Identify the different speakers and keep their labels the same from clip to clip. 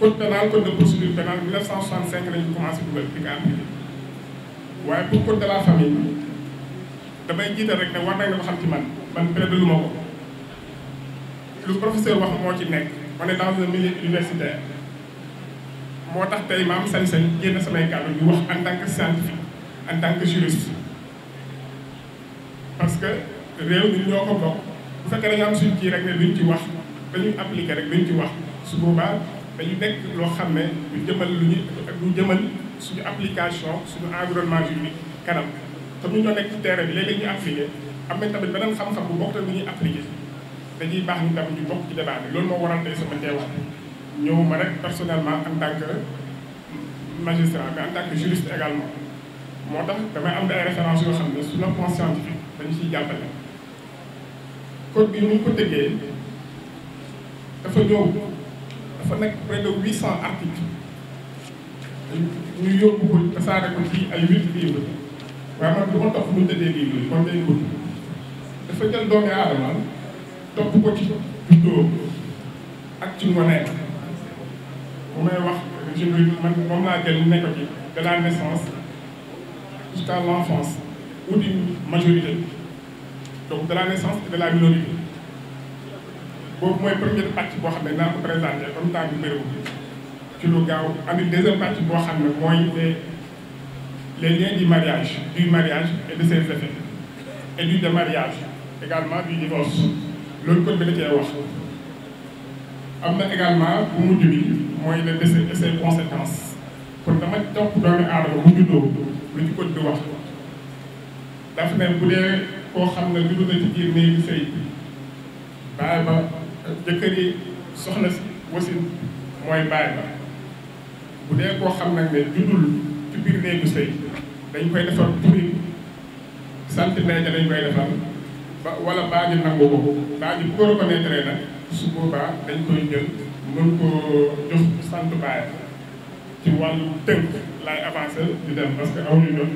Speaker 1: code pénal code de procédure pénale 1965 la ñu commencé dugal di nga am waaye pour code de la damay jiital rek ne war nañ nga xam ci man man perte lu ma ko lu professeur wax moo ci nekk on dans un milieu universitaire moo tax tey ma am sañ-sañ génn samay kàddu ñu wax en tant que scientifique en tant que juriste parce que réew ñun ñoo ko bokk bu fekkee dañu am suñ kii rek ne luñ ci wax dañuy appliquer rek luñ ci wax su boobaa. dañu nekk loo xam ne lu jëmal lu ñu lu jëmal suñu application suñu environnement juridique kanam te ñu ñoo nekk ci terrain bi léeg ñu appliqué am nañ tamit beneen xam-xam bu bokk te bu ñuy appliqué dañuy baax ñu tamit ñu bokk ci débat bi loolu moo waral tey sama teewaat ñëw ma rek personnellement en tant que magistrat mais en tant que juriste également moo tax damay am ay références yoo xam ne sur le plan scientifique dañu ciy jàppale code bi ñu ko tëggee dafa ñëw dafa nekk près de huit cent articles ñu yóbbu ko tasaare ko ci ay huit livres waaye man du ma topp lu tëddee livres kon dafa jël doomi aadama topp ko ci juddoo ak ci ngoneek bu may wax je man moom laa jël ne ko ci de la naissance jusqu'à l'enfance ou d'une majorité donc de naissance de la minorité boobu mooy première partie boo xam ne naa ko présenté comme temps bi bëriwul ci lu gaaw am une deuxième partie boo xam ne mooy les les liens du mariage du mariage et de ses effets et du démariage également du divorce loolu kon bi da cee wax am na également bu mujj bi mooy le décès et ses conséquences kon dama topp doomi aadama bu juddoo lu ci code wax daf ne bu dee koo xam ne judd na ci biir néegu sëy baay ba jëkkëri soxna si wasin mooy baay ba bu dee koo xam nag ne judul ci biir sëy dañ koy defar turi centimètre dañ koy defar ba wala baa ji nangu ko baa ji bu ko reconnaître na su boobaa dañ koy jël mën ko jox sant baay ci wàllu tënk laay avancé di dem parce que aw ñu doon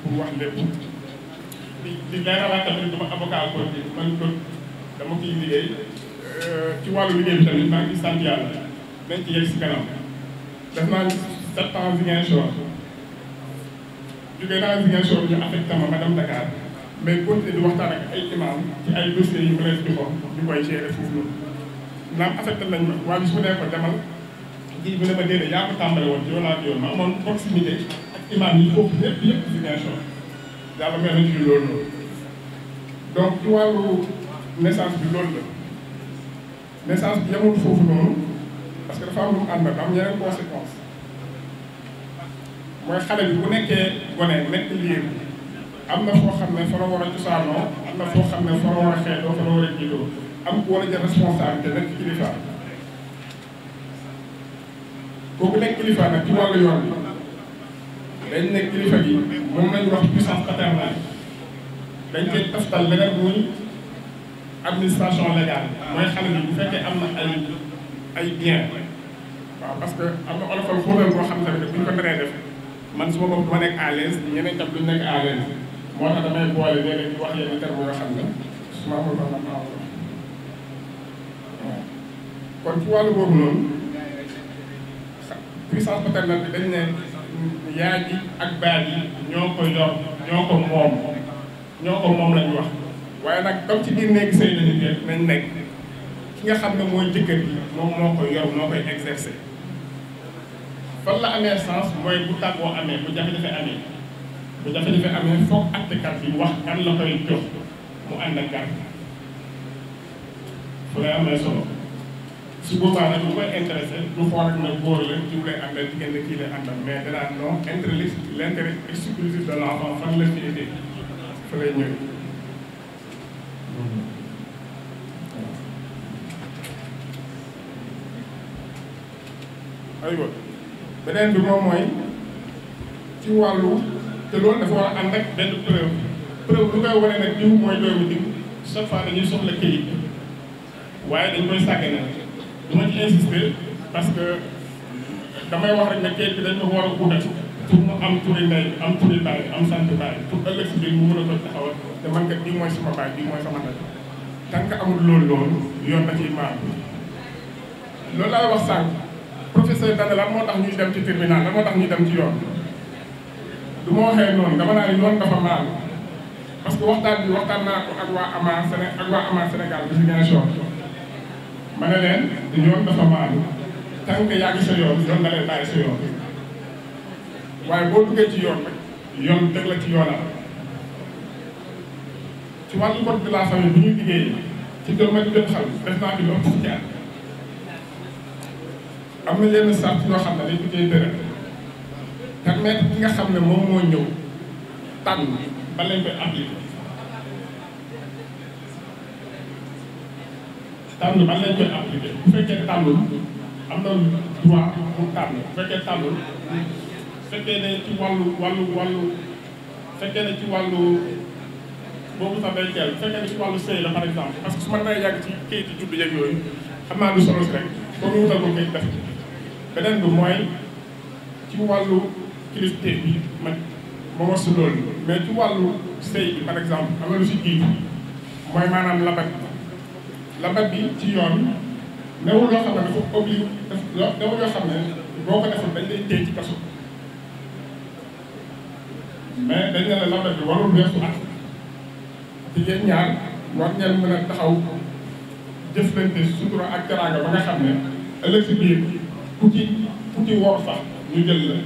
Speaker 1: pour wax lépp di di leeralaat tamit dama avocat ko bi man ko dama kiy liggéey Euh, ci wàllu liggéey bi tamit maa ngi sant yàlla nañ ci yegg si kanam def naa sept ans Ziguinchor jógee naa Ziguinchor ñu affecté ma ma dem Dakar mais continué di waxtaan ak ay imam ci ay dossiers yu ma leen joxoon ñu koy gérer foofu noonu naam affecté nañ ma waaye su ma nee ko demal ji bi ne ma déedéet yaa ko tàmbale woon ci yow laa yoon ma amoon proximité ak imam yi foofu yëpp yëpp Ziguinchor yàlla mel na ci loolu noonu donc ci wàllu naissance bi loolu la message bi yemul foofu noonu parce que dafa am lu mu ànd am yeneen conséquence mooy xale bi bu nekkee gone nekk liir am na foo xam ne fa la war a cosaanoo am na foo xam ne fa la war a xeetoo fa la war a jiitoo am ku war a jël responsabilité nekk kilifa kooku yoon dañ nekk kilifa gi moom nañu wax puissance paternelle dañ koy taftal leneen muy administration légale mooy xale bi bu fekkee am na ay ay bien waaw parce que am na olofal xóotal boo xam tamit bu ñu ko naree def man su ma bopp ma nekk à moo tax damay boole léeg-léeg wax yenn terme yoo xam ne su ma amul ma waaw kon bi dañ ne yaay ji ak baay lañu wax waaye nag comme ci biir néegi sëy lañu ne nañ nekk ki nga xam ne mooy jëkkër bi moom moo koy yor moo koy exercer fan la amee sens mooy bu tàggoo amee bu jafe-jafe amee amee foog àttekat bi wax kan la koy jox mu ànd ak garab fu lay amee solo su boobaa nag lu koy intéressé du xool rek nag góor la jiw lay àndal jigéen la kii lay mais danaa non intérêt l' intérêt exclusif de l' enfant la fi été fa lay ñëw Mm-hmm. aywa beneen bi moom mooy ci wàllu te loolu dafa war a ànd ak benn preuve preuve lu koy wane nag diw mooy doomu diw chaque fois dañuy soxla këyit waaye dañ koy sàggane du ma ci insister parce que damay wax rek ne këyit bi dañ ko war a guddal pour mu am turi ndey am turi baay am sant baay pour ëllëg biir mu mën a ko taxawal te man kat bii mooy sama baay bii mooy sama ndey tant que amul loolu loolu yoon na ciy maam loolu laay wax sànq professeur Dada moo tax ñuy dem ci tribunal lan tax ñuy dem ci yoon du ma waxee noonu dama naa ne yoon dafa maam parce que waxtaan bi waxtaan naa ak waa AMA Séné ak waa AMA Sénégal bi si Ziguinchor ma ne leen yoon dafa maam tant que yaa ngi yoon yoon na leen waaye boo duggee ci yoon nag yoon dëgg la ci yoonam ci wàllu code de la famille bi ñuy liggéey ci domaine bi xam def naa bi lu ëpp fukki at am na yenn yoo xam ne dañ ko cay dërëm permettre ki nga xam ne moom moo ñëw tànn ba leen koy appliqué tànn ba leen koy appliqué bu fekkee tànnul am na droit pour tànn bu fekkee tànnul. fekkee ne ci wàllu wàllu wàllu fekkee ne ci wàllu boobu sax day teel fekkee ne ci wàllu sëy la par exemple parce que su ma nay yàgg ci kayit yi juddu yooyu xam naa du solo si rek boobu wutal ko kayit def ci wàllu loolu mais ci wàllu sëy bi par exemple am na lu si jiitu mooy maanaam labat labat bi ci yoon newul loo xam ne dafa obligé def newul loo xam ne boo ko defoon dañ lay téye ci kaso mais dañ ne la label bi warul weesu at ci yéen ñaar war ngeen mën a taxaw jëflante sutura ak teraanga ba nga xam ne ëllëg si biir ku ci ku ci wor sax ñu jël la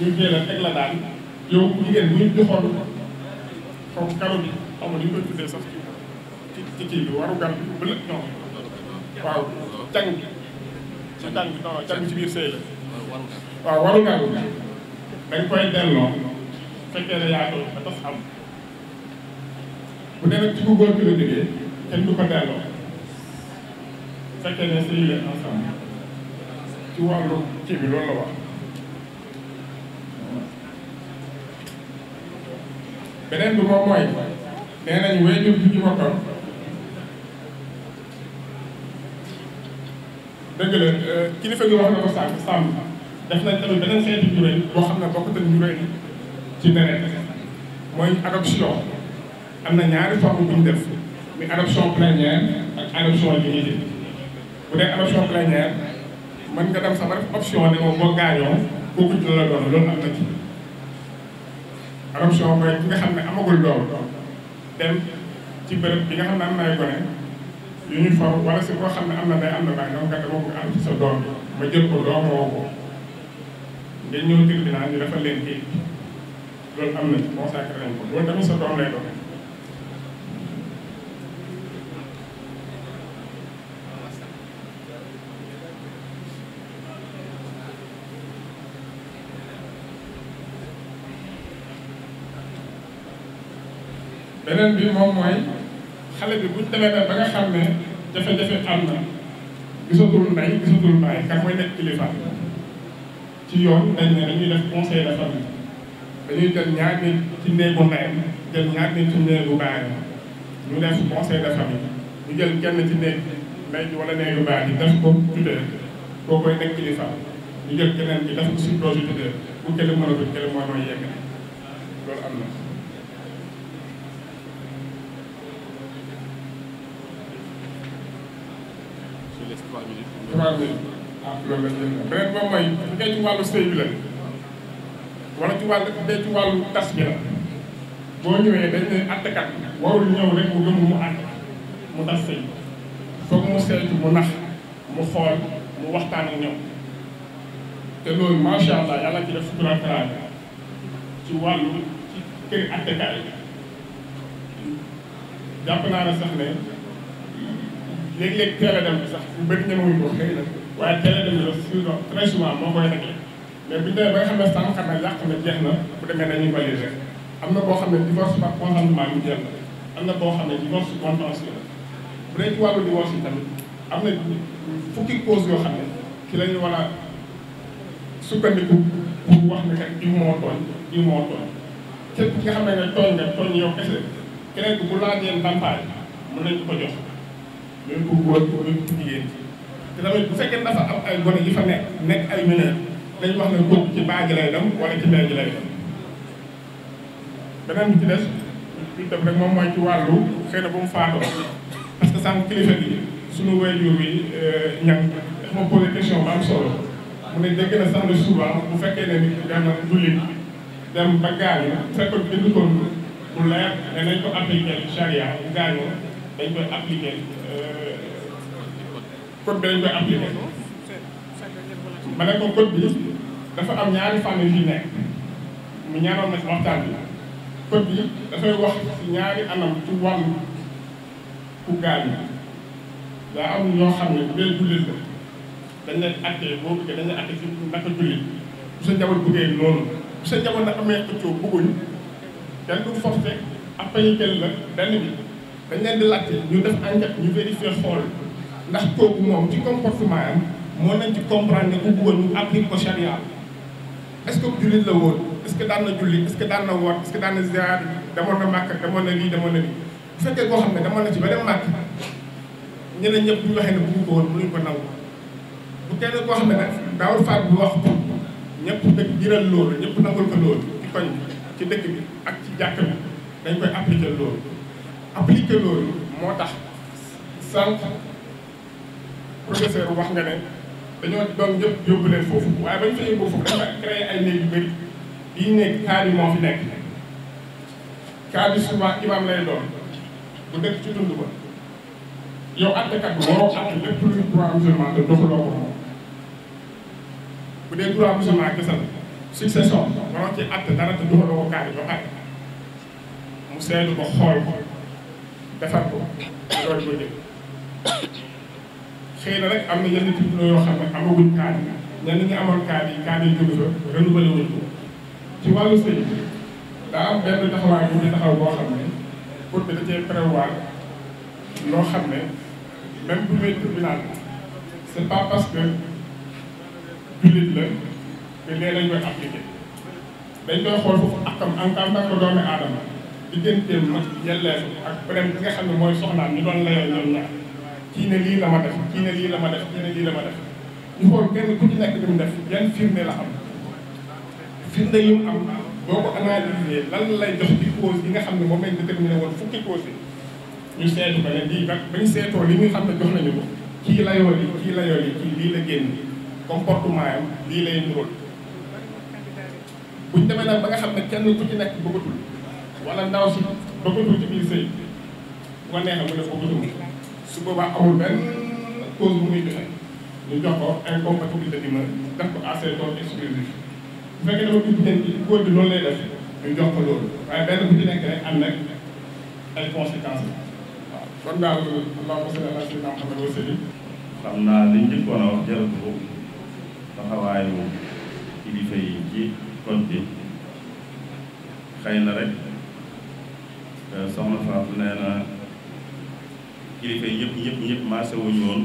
Speaker 1: ñu jël la teg la daal yow jigéen bu ñu bi xam nga ni ñu koy tuddee sax ci bi waru gar bi bële ci biir sëy la waaw waru gar dañ koy delloo fekkee ne yaa koy ba tas am bu dee nag ci ku góor ki la jógee kenn du ko delloo fekkee ne sëy leen ensemble ci wàllu ci bi loolu la wax beneen bi moom mooy nee nañ wéyjur bi ci boppam dëgg la euh, na ko sànq sàmm def nañ tamit beneen xeetu njuréen boo xam ne bokk ci beneen mooy adoption am na ñaari forme bu ñu def muy adoption plénière ak adoption limitée bu dee adoption plénière mën nga dem sama def option ne moom boo gaañoo kooku la doon loolu am na ci adoption mooy ki nga xam ne amagul doom dem ci bërëb bi nga xam ne am nay gone yu ñu for wala si koo xam ne am na day am na bàyyi nga dama ko am sa doom ma jël ko doom woo ko nga ñëw tribunal ñu dafa leen kii loolu am na ci consacré nañ ko loolu tamit xale bi buñ demee ba nga xam jafe-jafe am na gisatul ndey gisatul bàyyi kan mooy nekk kilifa ci yoon dañ ne dañuy def conseil de famille. dañuy jël ñaar nit ci néegu ndeyam jël ñaar nit ci néegu baayam ñu def conseil de famille ñu jël kenn ci néeg ndey ji wala néegu ji def ko tuddee koo koy nekk kilifa ñu ko si projet tuddee bu kële mënatul kële mooy mooy yegg loolu am na. je laisse trois ah, wala ci wàll dee ci wàllu tas bi la boo ñëwee dañ ne àttekat warul ñëw rek mu gëm mu àtte mu tas sëy mu seetu mu nax mu xool mu waxtaan ak ñoom te loolu macha allah yàlla ci def sutura teraanga ci wàllu ci kër àttekat yi jàpp naa ne sax ne léeg-léeg teel dem sax bu bëri ñemewuñ ko xëy na waaye dem la surtout très souvent moo koy réglé mais bu ñu demee ba nga xam ne jeex na yàq na na bu demee dañuy valider am na boo xam ne divorce par consentement bi jeex na am na boo xam ne divorce contentieux la bu dee ci wàllu divorce yi tamit am na fukki cause yoo xam ne ci la ñu war a sukkandiku pour wax ne kat jiw moo tooñ jiw moo tooñ képp ki nga xam ne nga tooñ nga tooñ yow kese keneen ku bu laajee ndàmpaay mën nañu ko jox même bu góor même bu jigéen te tamit bu fekkee dafa am ay gone yi fa nekk nekk ay mineurs dañu wax ne kooku ci baa ji lay dem wala ci lee ji lay dem beneen bi ci des lu def rek moom mooy ci wàllu xëy bu mu faatoo parce que sànq kilifa gi suñu waajur bi ñan euh, dafa posé question ba solo mu ne dégg na sax souvent bu fekkee ne nit dem na dem ba gaañu bu fekkoon dindi leer danañ ko appliquer charia bu dañ koy appliquer euh, code bi dañ koy appliquer ma ne ko code bi dafa am ñaari fànn yu nekk mu ñaanoon na ci waxtaan bi code bi dafay wax ci ñaari anam ci wàllu ku gaañ daa am ñoo xam ne bu dee jullit la dañ leen attee boo bëggee dañ leen attee ci naka jullit bu sa njaboot bëggee loolu bu sa njaboot nag amee xëccoo bëgguñ kenn du forcé après ñu jël la benn bi dañ leen di laajte ñu def enquête ñu vérifier xool ndax kooku moom ci comportement am moo nañ ci comprendre ne ku bëggoon ñu applique ko charia est-ce que jullit la woon est que daan na julli est-ce daan na woor est-ce que daan na ziar demoon na màkk demoon na lii demoon na lii bu fekkee koo xam ne demoon na ci beneen màkk ñeneen ñëpp bu ñu waxee ne bëggu ko woon mënuñ ko nangu bu kenn koo xam ne nag daawul faat bu wax ko ñëpp dëkk jiral loolu ñëpp nangul ko loolu ci koñ ci dëkk bi ak ci jàkk bi dañ koy appliquer loolu appliquer loolu moo tax sànq professeur wax nga ne dañoo doom ñëpp yóbbu leen foofu waaye bañ fa yóbbu foofu dafa créé ay néeg yi nekk kaar yi moo fi nekk kaar bi souvent imam lay doon bu dëkk ci dund ba yow àttekat bi waroo àtte lépp luy droit musulman te doxuloo ko bu dee droit musulman kese la succession waroo ci àtte dara te doxuloo ko kaar yi ba pare mu seetlu ko xool ko defar ko loolu ko jël xëy na rek am na yenn tribunaux yoo xam ne amaguñ cadre ñenn ñi amoon cadre yi cadre yi jóge fa renouvelé wuñ ko ci wàllu sëy daa am benn xam ne pour que da cee prévoir loo xam ne même parce que jullit la que lee lañ koy appliqué dañ koy xool foofu akam en tant que doomi aadama digganteem nag yelleef ak beneen bi nga xam ne mooy soxnaam ñu doon layoo ñoom ñaar kii ne lii la ma def kii ne lii la ma def kii ne lii la ma def ñu xool kenn ku ci nekk li mu def yan firnde la am firnde yu mu am boo ko analysé yi nga xam ne moom lañ déterminé woon fukki cause yi ñu seetu ba ne lii ba ñu xam ne jox nañu ko kii la yoo lii kii la yoo lii kii lii la génn comportement yam lii lay nuróol buñ demee nag ba nga xam ne kenn ku ci nekk bëggatul wala ndaw si bëggatul ci biir sëy bu ko neexee mu ne bëggatul su boobaa amul benn cause bu muy joxe ñu jox ko incompatibilité d'humeur def ko à ses dons exclusifs bu fekkee dafa gis ngeen ci góor bi loolu lay def ñu jox ko loolu waaye benn bu ci nekk rek am nag ay conséquences la waaw kon daal allahumma salli ala sayyidina Muhammad wa sallim
Speaker 2: xam naa liñ njëkkoon a wax jërëjëf boobu taxawaayu kilifa yi ci code bi xëy na rek euh, soxna Fatou nee na. kilifa yëpp yëpp yëpp maase wuñu woon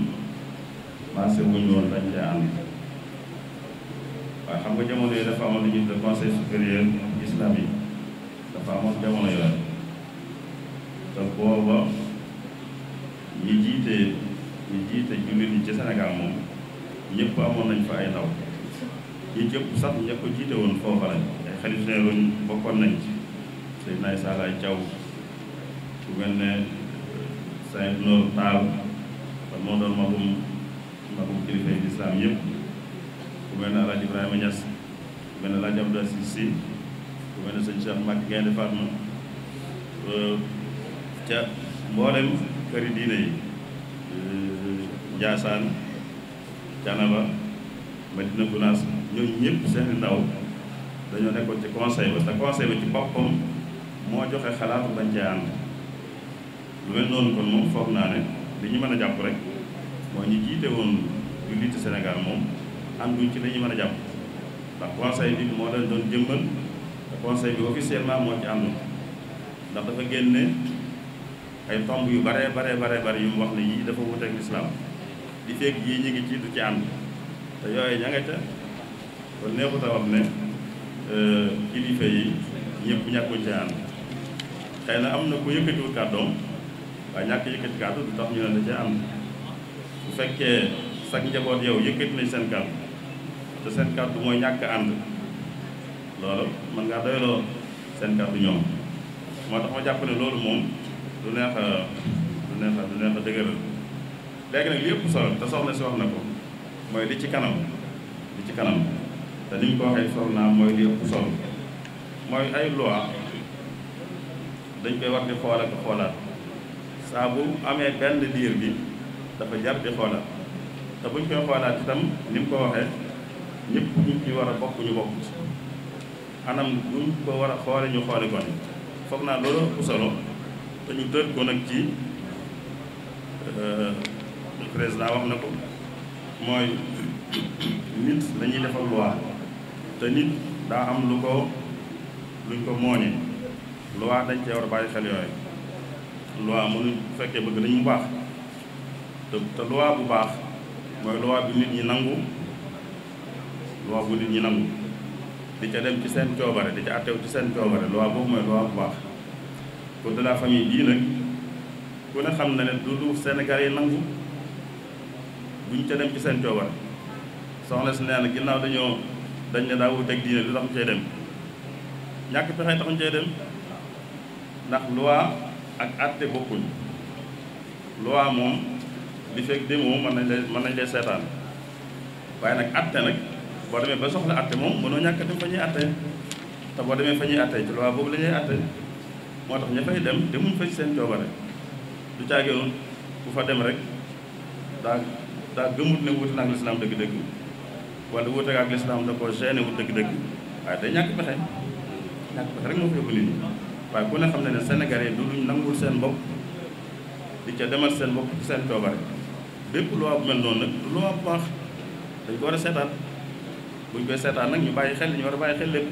Speaker 2: maase wuñu woon dañ cee ànd waaye xam nga jamono yi dafa amoon li ñuy de conseil supérieur islamique dafa amoon jamono yooyu te booba ñi jiite ñi jiite jullit ñi ci Sénégal moom ñëpp amoon nañ fa ay ndaw ñi jëpp sax ña ko jiite woon foofa lañ ay xarit ne woon bokkoon nañ ci Seydina Issa Laye Thiaw ku mel ne Saïd Nour Taal kon moo doon magum magum kilifa yi lislaam yëpp ku mel ne Alaaji Ibrahima Niass ku mel ne Alaaji Abdou Aziz Sy ku mel ne sëñ Cheikh Mbacke Gaynde Fatma ca mboolem këri diine yi euh, Njaasaan Canaba Madina Gunaas ñoom ñëpp seeni ndaw dañoo nekkoon ci conseil ba te conseil ba ci boppam moo joxe xalaatu bañ cee ànd lu mel noonu kon moom foog naa ne li ñu mën a jàpp rek mooy ñu jiite woon julliti Sénégal moom ànduñ ci li mën a jàpp ndax conseil bi moo leen doon jëmbal te conseil moo ci àndul dafa génne ay tomb yu bare bare bare bare yu mu wax ne yii dafa wuteeg lislaam di fekk ñu ngi ci ci ànd te yooyu ña nga ca kon neexuta euh, ci ànd xëy am na ku yëkkatiwul kàddoom waaye ñàkk yëkkati kàddu du tax ñu ne da cee am bu fekkee sax njaboot yow yëkkati nañ seen kàddu te seen kàddu mooy ñàkk ànd loolu mën ngaa doyloo seen kàddu ñoom moo tax ma jàpp ne loolu moom du neex a du neex a du neex a dëgëral nag li yëpp solo te soxna si wax na ko mooy li ci kanam li ci kanam te ni ñu ko waxee solo naa mooy li yëpp solo mooy ay loi dañ koy war di xool ak xoolaat saa bu amee benn diir bi dafa jar di xoolaat te buñ koy xoolaat itam ni mu ko waxee ñëpp ñu ci war a bokk ñu bokk ci anam buñ ko war a xoole ñu xoole ko ni foog naa loolu ëpp solo te ñu euh, président wax na ko mooy nit dañuy defal loi te daa am lu ko luñ ko mooñee loi dañ cee war a bàyyi xel yooyu loi mënu bu fekkee bëgg nañ mu baax te te loi bu baax mooy loi bu nit ñi nangu loi bu nit ñi nangu di ca dem ci seen coobare di ca attew ci seen coobare loi boobu mooy loi bu baax code de la famille bii nag ku ne xam na ne du du yi nangu buñ ca dem ci seen coobare soxna si nee na ginnaaw dañoo dañ ne daa wuteeg diine lu tax ñu cay dem ñàkk pexe tax ñu cay dem ndax loi ak àtte bokkuñu loi moom li fekk demoo mën nañ leen mën nañ lee seetaan waaye nag àtte nag boo demee ba soxla àtte moom mënoo ñàkk dem fa ñuy àtte te boo demee fa ñuy àtte ci loi boobu lañuy ñuy àtte moo tax ña fay dem demuñ fa seen seen coobare du caageewul bu fa dem rek daa daa gëmut ne wuute na ak lislaam dëgg-dëgg wala wuute ak lislaam da ko gêné wut dëgg-dëgg waaye day ñàkk pexe ñàkk pexe rek moo fa yóbbu nit ñi waaye ku ne xam ne ne sénégalais du luñ nangul seen bopp di ca demal seen bopp ci seen coobare bépp loi bu mel noonu nag du loi bu baax dañ ko war a seetaan buñ koy seetaan nag ñu bàyyi xel li ñu war a bàyyi xel lépp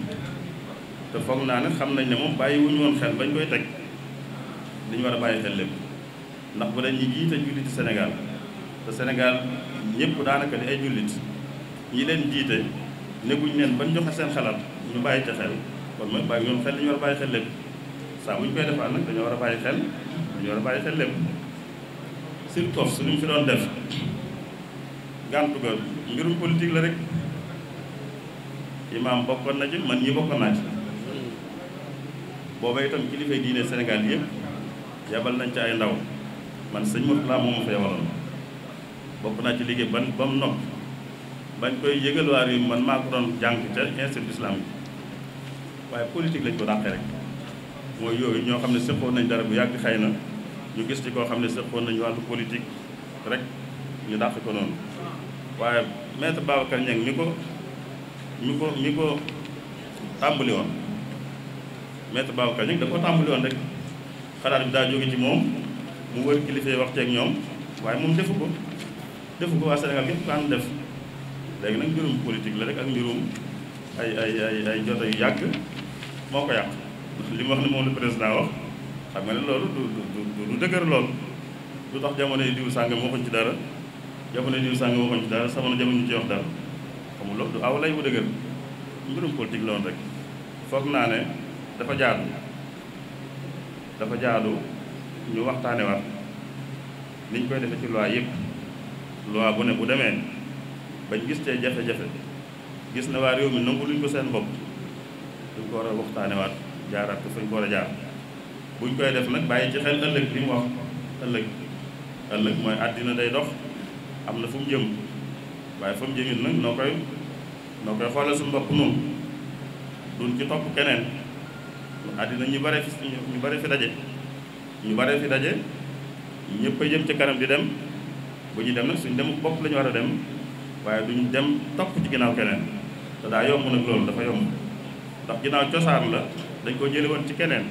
Speaker 2: te foog naa ne xam nañ ne moom bàyyi wuñu bañ koy teg li war a bàyyi xel lépp ndax bu dañuy jiite jullit Sénégal te senegal ñëpp daanaka di ay jullit ñi leen jiite nekkuñ leen ban joxe seen xalaat ñu bàyyi ca xel kon mooy bàyyi ñoom xel li ñu war a bàyyi xel lépp saa bu ñu koy defaat nag dañoo war a bàyyi xel dañoo war xel lépp surtout su ñu fi doon def gàntu ga mbirum politique la rek imaam bokkoon na ci man ñi bokkoon naa ci booba itam kilifa diine Sénégal yëpp yabal nañ ci ay ndaw man sëñ Mourtala moomu fa yabaloon bokk naa ci liggéey ba mu nokk bañ koy yëgal waar yi man maa ko doon jàng ca institut islam bi waaye politique lañ ko dàqee rek mooy yooyu ñoo xam ne séqoon nañ dara bu yàgg xay na ñu gis ci koo xam ne séqoon nañu wàllu politique rek ñu dàq ko noonu waaye maître Babacar Niang mi ko mi ko mi ko tàmbali woon maître Babacar Niang da ko tàmbali woon rek xalaat bi daa jóge ci moom mu wër kilifa yi wax ceeg ñoom waaye moom defu ko defu ko waa Sénégal gépp ko ànd def léegi nag mbirum politique la rek ak mbirum ay ay ay ay jota yu yàgg moo ko yàq li mu wax ne moom la président wax xam nga ne loolu du du du dëgër lool lu tax jamono yi diw sàngam waxuñ ci dara jamono yi diw sàngam waxuñ ci dara sama na jamono ñu ci wax dara xam loolu du aw lay bu dëgër mbirum politique loolu rek foog naa ne dafa jaadu dafa jaadu ñu waxtaane waat niñ koy defe ci loi yëpp loi bu ne bu demee bañ gis cee jafe-jafe gis na waa réew mi nangu luñ ko seen bopp duñ ko war a waxtaane jaaraat ko fañ ko a jaar buñ koy def nag bàyyi ci xel ëllëg li mu wax ëllëg ëllëg mooy àddina day dox am na fu mu jëm waaye fa mu jëmit nag noo koy noo koy xoolal suñu bopp noonu duñ ci topp keneen àddina ñu bare fi ñu bare fi daje ñu bare fi daje ñëpp a jëm ci kanam di dem bu ñu dem nag suñ dem bopp lañu ñu war a dem waaye duñ dem topp ci ginnaaw keneen te daa yomb nag loolu dafa yomb ndax ginnaaw cosaan la dañ ko jële woon ci keneen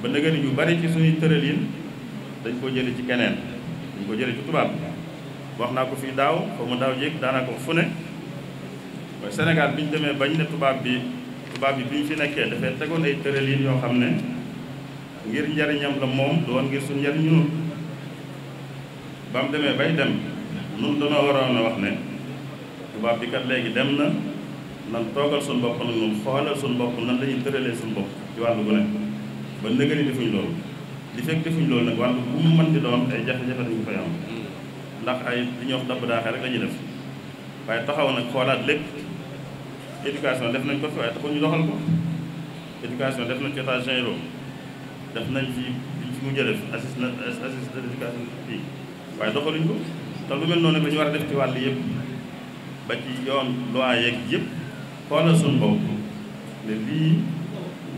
Speaker 2: ba nga ni ñu bari ci suñuy tëralin dañ ko jële ci keneen dañ ko jële ci tubaab wax naa ko fii daaw xaw mu daaw jéeg daanaa ko fu ne mooy Sénégal bi ñu demee bañ ne tubaab bi tubaab bi bi ñu fi nekkee dafay tegoon ay tëralin yoo xam ne ngir njariñam la moom du woon ngir suñ njariñ ñun demee bay dem nun danoo waroon a wax ne tubaab bi kat léegi dem na nan toogal suñu bopp nag noonu xoolal nan la ñuy tëralee suñu bopp ci wàllu gu nekk ba nëgëri defuñ loolu li fekk defuñ loolu nag wàllu bu di doon ay jafe-jafe dañu koy ndax ay li ñuy wax rek la def waaye taxaw nag xoolaat lépp éducation def nañ ko fi waaye taxul ñu doxal def nañ ci état def nañ ci biñ ci mujjee def na assist éducation fii waaye doxaluñ ko te lu mel noonu nag war a def ci wàll yëpp ba ci yoon loi yeeg yëpp xoolal suñu bopp ne lii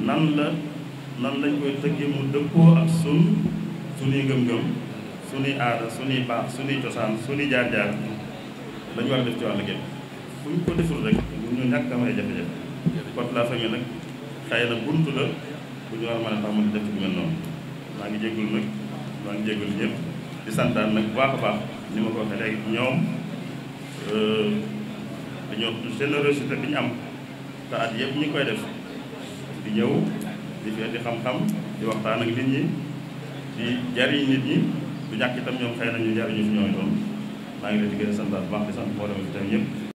Speaker 2: nan la nan lañ koy tëggee mu dëppoo ak sun suñuy ngëm-ngëm suñuy aada suñuy baax suñuy cosaan suñuy jaar-jaar dañu war def ci wàllu gépp fu ñu ko deful rek ñu ñàkk am ay jafe-jafe code la famille nag xëy na buntu la bu ñu war a mën a tax mel noonu maa ngi jégalu nag maa ngi jégalu ñëpp di santaan nag bu baax baax ni ma ko waxee léegi ñoom euh, dañoo générosité bi ñu am te at yëpp ñu ngi koy def di ñëw di fi indi xam-xam di waxtaan ak nit ñi di jariñ nit ñi du ñàkk itam ñoom xëy na ñu jariñu fi ñooy doon maa ngi leen di gën a santaat baax di sant mboolem fi tam yëpp